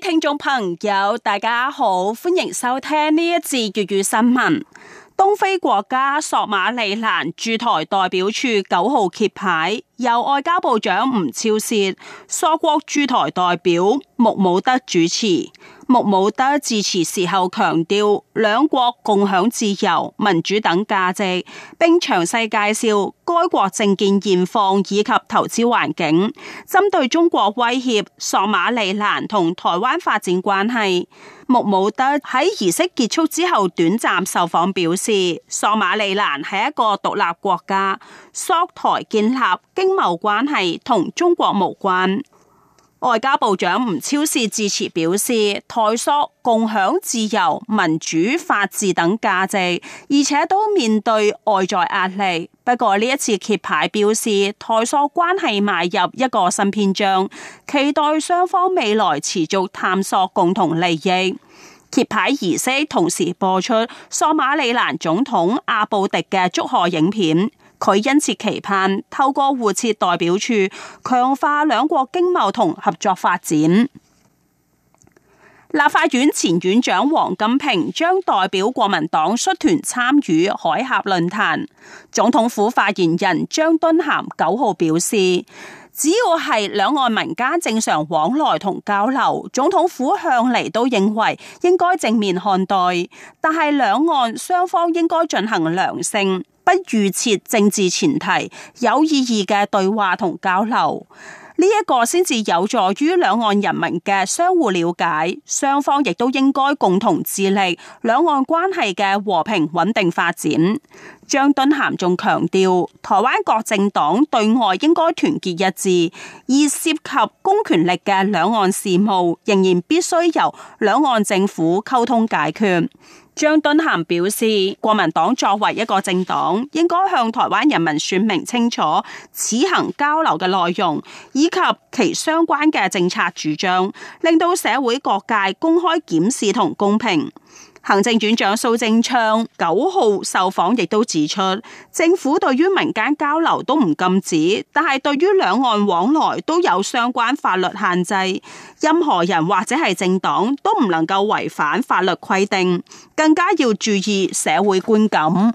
聽眾朋友，大家好，歡迎收聽呢一節粵語新聞。東非國家索馬利蘭駐台代表處九號揭牌，由外交部長吳釗燮、索國駐台代表穆姆德主持。穆姆德致辭時候強調兩國共享自由、民主等價值，並詳細介紹該國政見現況以及投資環境。針對中國威脅，索馬利蘭同台灣發展關係，穆姆德喺儀式結束之後短暫受訪表示：索馬利蘭係一個獨立國家，索台建立經貿關係同中國無關。外交部長吳釗燮致辭表示，台索共享自由、民主、法治等價值，而且都面對外在壓力。不過呢一次揭牌，表示台索關係邁入一個新篇章，期待雙方未來持續探索共同利益。揭牌儀式同時播出索馬利蘭總統阿布迪嘅祝賀影片。佢因此期盼透過互設代表處，強化兩國經貿同合作發展。立法院前院長王金平將代表國民黨率團參與海峽論壇。總統府發言人張敦涵九號表示，只要係兩岸民間正常往來同交流，總統府向嚟都認為應該正面看待，但係兩岸雙方應該進行良性。不預設政治前提，有意義嘅對話同交流，呢一個先至有助於兩岸人民嘅相互了解，雙方亦都應該共同致力兩岸關係嘅和平穩定發展。張敦涵仲強調，台灣各政黨對外應該團結一致，而涉及公權力嘅兩岸事務，仍然必須由兩岸政府溝通解決。張敦涵表示，國民黨作為一個政黨，應該向台灣人民說明清楚此行交流嘅內容以及其相關嘅政策主張，令到社會各界公開檢視同公平。行政院長蘇貞昌九號受訪亦都指出，政府對於民間交流都唔禁止，但係對於兩岸往來都有相關法律限制。任何人或者係政黨都唔能夠違反法律規定，更加要注意社會觀感。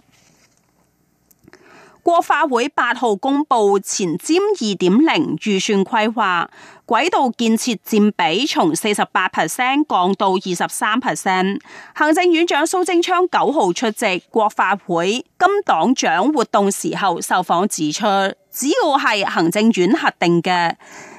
國發會八號公布前瞻二點零預算規劃，軌道建設占比從四十八 percent 降到二十三 percent。行政院長蘇貞昌九號出席國發會金黨獎活動時候受訪指出，只要係行政院核定嘅，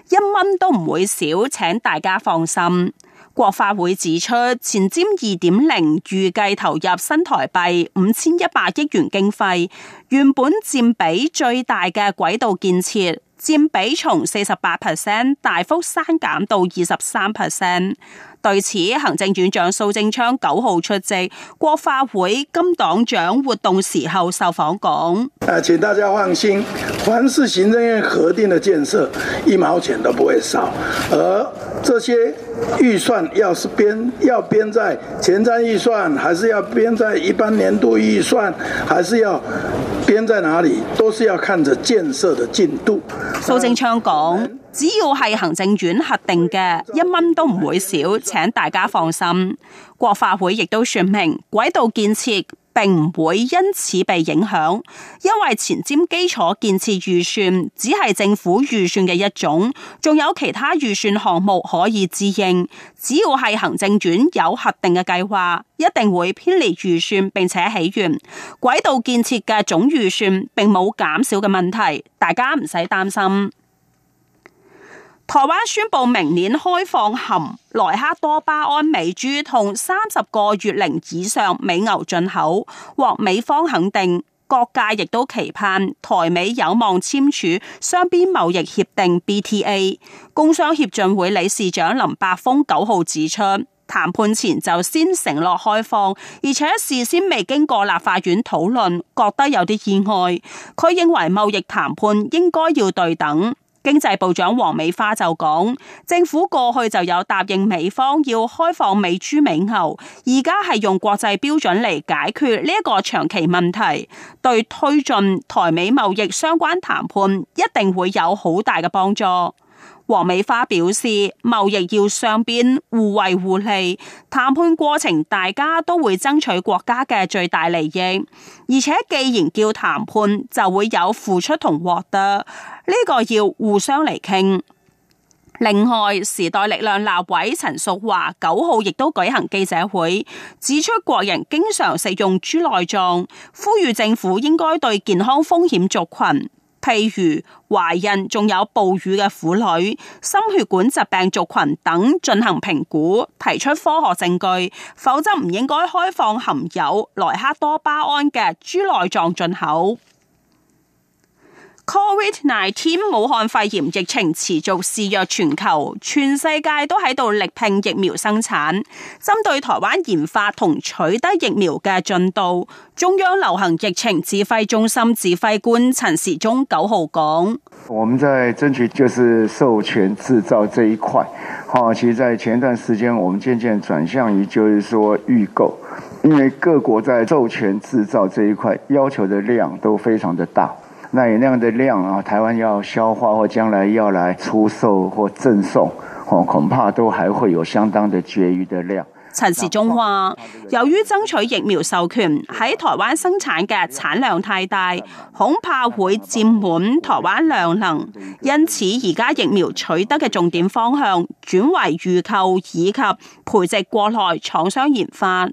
一蚊都唔會少，請大家放心。國發會指出，前瞻二點零預計投入新台幣五千一百億元經費，原本占比最大嘅軌道建設占比從四十八 percent 大幅刪減到二十三 percent。對此，行政院長蘇貞昌九號出席國發會金黨獎活動時候受訪講：誒，請大家放心，凡是行政院核定嘅建設，一毛錢都不會少，而這些。預算要是編要編在前瞻預算，還是要編在一般年度預算，還是要編在哪裡，都是要看着建設的進度。蘇貞昌講：只要係行政院核定嘅，嗯、一蚊都唔會少，請大家放心。國法會亦都說明，軌道建設，並唔會因此被影響，因為前瞻基礎建設預算只係政府預算嘅一種，仲有其他預算項目可以支應。只要係行政院有核定嘅計劃，一定會編列預算並且起源，軌道建設嘅總預算，並冇減少嘅問題，大家唔使擔心。台灣宣布明年開放含萊克多巴胺美豬同三十個月齡以上美牛進口，獲美方肯定。各界亦都期盼台美有望簽署雙邊貿易協定 BTA。工商協進會理事長林伯豐九號指出，談判前就先承諾開放，而且事先未經過立法院討論，覺得有啲意外。佢認為貿易談判應該要對等。經濟部長王美花就講，政府過去就有答應美方要開放美豬美牛，而家係用國際標準嚟解決呢一個長期問題，對推進台美貿易相關談判一定會有好大嘅幫助。王美花表示，貿易要雙邊互惠互利，談判過程大家都會爭取國家嘅最大利益，而且既然叫談判，就會有付出同獲得，呢個要互相嚟傾。另外，時代力量立委陳淑華九號亦都舉行記者會，指出國人經常食用豬內臟，呼籲政府應該對健康風險族群，譬如懷孕、仲有哺乳嘅婦女、心血管疾病族群等進行評估，提出科學證據，否則唔應該開放含有萊克多巴胺嘅豬內臟進口。Covid nineteen 武漢肺炎疫情持續肆虐全球，全世界都喺度力拼疫苗生產。針對台灣研發同取得疫苗嘅進度，中央流行疫情指揮中心指揮官陳時中九號講：我們在爭取就是授權製造這一塊。好，其實，在前段時間，我們漸漸轉向於就是說預購，因為各國在授權製造這一塊要求的量都非常的大。那有那樣的量啊，台灣要消化或將來要來出售或贈送，恐怕都還會有相當的結餘的量。陳時中話，由於爭取疫苗授權，喺台灣生產嘅產量太大，恐怕會佔滿台灣量能，因此而家疫苗取得嘅重點方向轉為預購以及培植國內廠商研發。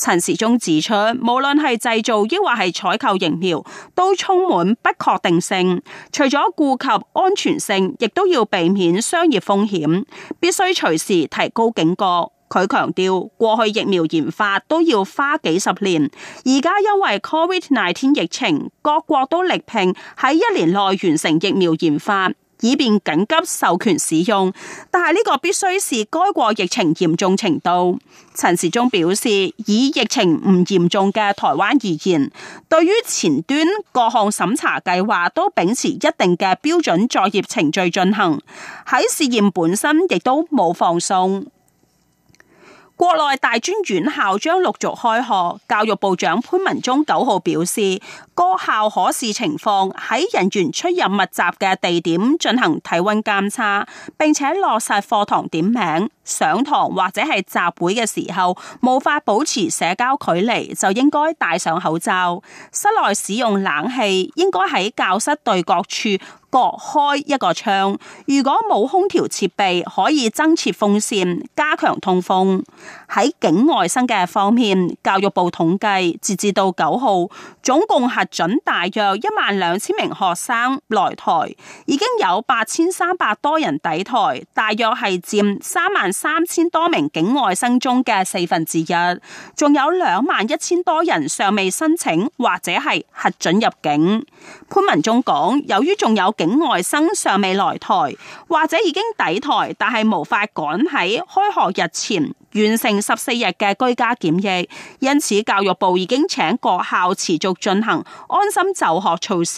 陳時中指出，無論係製造抑或係採購疫苗，都充滿不確定性。除咗顧及安全性，亦都要避免商業風險，必須隨時提高警覺。佢強調，過去疫苗研發都要花幾十年，而家因為 COVID-19 疫情，各國都力拼喺一年內完成疫苗研發。以便緊急授權使用，但係呢個必須是該國疫情嚴重程度。陳時中表示，以疫情唔嚴重嘅台灣而言，對於前端各項審查計劃都秉持一定嘅標準作業程序進行，喺試驗本身亦都冇放鬆。國內大專院校將陸續開學。教育部長潘文忠九號表示，各校可視情況喺人員出入密集嘅地點進行體溫監測，並且落實課堂點名。上堂或者係集會嘅時候，無法保持社交距離，就應該戴上口罩。室內使用冷氣，應該喺教室對角處各開一個窗。如果冇空調設備，可以增設風扇，加強通風。喺境外生嘅方面，教育部統計截至到九號，總共核准大約一萬兩千名學生來台，已經有八千三百多人抵台，大約係佔三萬三千多名境外生中嘅四分之一，仲有兩萬一千多人尚未申請或者係核准入境。潘文忠講，由於仲有境外生尚未來台或者已經抵台，但係無法趕喺開學日前。完成十四日嘅居家檢疫，因此教育部已經請各校持續進行安心就學措施，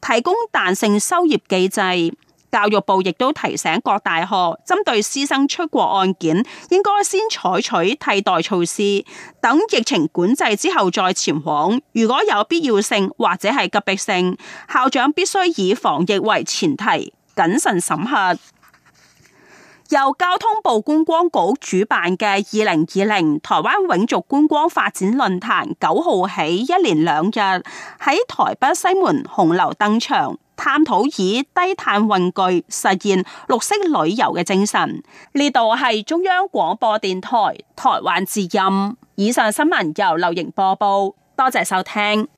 提供彈性修業機制。教育部亦都提醒各大學，針對師生出國案件，應該先採取替代措施，等疫情管制之後再前往。如果有必要性或者係急迫性，校長必須以防疫為前提，謹慎審核。由交通部觀光局主辦嘅二零二零台灣永續觀光發展論壇九號起一連兩日喺台北西門紅樓登場，探討以低碳運具實現綠色旅遊嘅精神。呢度係中央廣播電台台灣之音。以上新聞由劉瑩播報，多謝收聽。